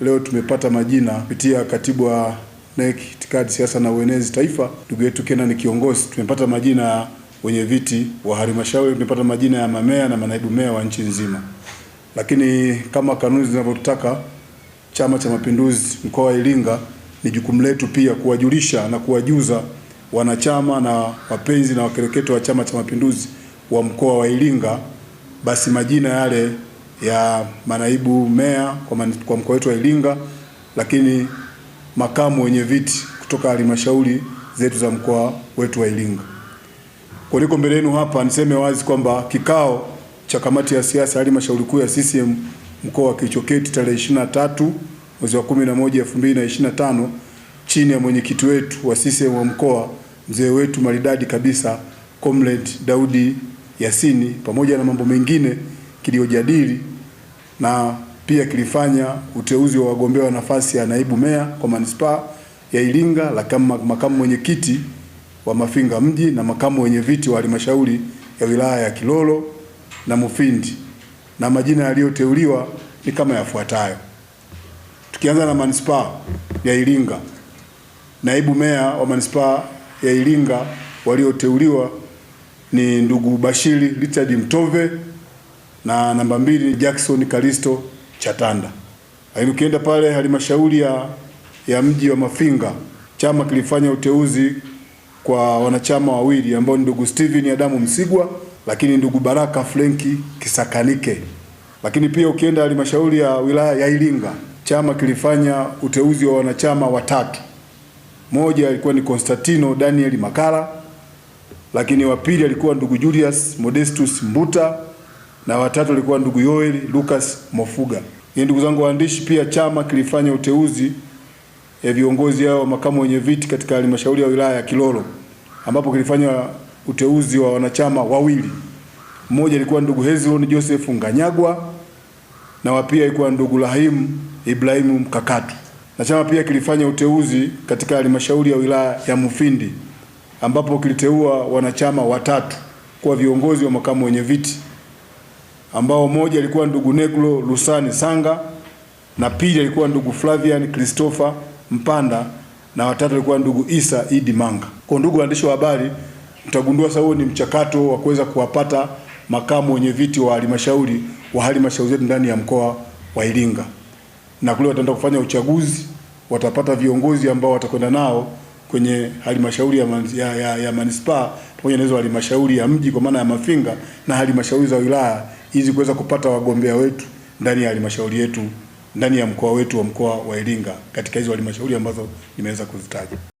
leo tumepata majina kupitia katibu wa NEC itikadi, siasa na uenezi taifa, ndugu yetu Kena ni kiongozi. Tumepata majina ya wenye viti wa halmashauri, tumepata majina ya mamea na manaibu meya wa nchi nzima, lakini kama kanuni zinavyotaka Chama cha Mapinduzi mkoa wa Iringa, ni jukumu letu pia kuwajulisha na kuwajuza wanachama na wapenzi na wakereketo wa Chama cha Mapinduzi wa mkoa wa Iringa basi majina yale ya manaibu meya kwa, man, kwa mkoa wetu wa Iringa, lakini makamu wenye viti kutoka halmashauri zetu za mkoa wetu wa Iringa. niko mbele yenu hapa, niseme wazi kwamba kikao cha kamati ya siasa halmashauri kuu ya CCM mkoa kilichoketi tarehe 23 mwezi wa 11 2025 chini ya mwenyekiti wetu wa CCM wa mkoa mzee wetu maridadi kabisa Comrade Daudi Yasini, pamoja na mambo mengine kiliyojadili na pia kilifanya uteuzi wa wagombea wa nafasi ya naibu meya kwa manispaa ya Iringa la kama makamu mwenyekiti wa Mafinga mji na makamu wenye viti wa halmashauri ya wilaya ya Kilolo na Mufindi, na majina yaliyoteuliwa ni kama yafuatayo. Tukianza na manispaa ya Iringa, naibu meya wa manispaa ya Iringa walioteuliwa ni ndugu Bashiri Richard Mtove na namba mbili ni Jackson Kalisto Chatanda. Lakini ukienda pale halmashauri ya, ya mji wa Mafinga, chama kilifanya uteuzi kwa wanachama wawili ambao ni ndugu Steven Adamu Msigwa, lakini ndugu Baraka Frenki Kisakanike. Lakini pia ukienda halmashauri ya wilaya ya Iringa, chama kilifanya uteuzi wa wanachama watatu. Moja alikuwa ni Konstantino Daniel Makala, lakini wa pili alikuwa ndugu Julius Modestus Mbuta na watatu alikuwa ndugu Yoeli Lucas Mofuga. Ni ndugu zangu waandishi, pia chama kilifanya uteuzi ya eh, viongozi hao wa makamu wenye viti katika halmashauri ya wilaya ya Kilolo ambapo kilifanya uteuzi wa wanachama wawili. Mmoja alikuwa ndugu Hezron Joseph Nganyagwa na wa alikuwa ndugu Rahim Ibrahimu Mkakatu. Na chama pia kilifanya uteuzi katika halmashauri ya wilaya ya Mufindi ambapo kiliteua wanachama watatu kuwa viongozi wa makamu wenye viti ambao moja alikuwa ndugu Negro Lusani Sanga na pili alikuwa ndugu Flavian Christopher Mpanda na watatu alikuwa ndugu Isa Idi Manga. Kwa ndugu waandishi wa habari, mtagundua sasa huo ni mchakato wa kuweza kuwapata makamu wenye viti wa halmashauri wa halmashauri zetu ndani ya mkoa wa Iringa, na kule wataenda kufanya uchaguzi, watapata viongozi ambao watakwenda nao kwenye halmashauri ya, ya, ya, ya manispaa pamoja na hizo halmashauri ya mji kwa maana ya Mafinga na halmashauri za wilaya ili kuweza kupata wagombea wetu ndani ya halmashauri yetu ndani ya mkoa wetu wa mkoa wa Iringa katika hizo halmashauri ambazo nimeweza kuzitaja.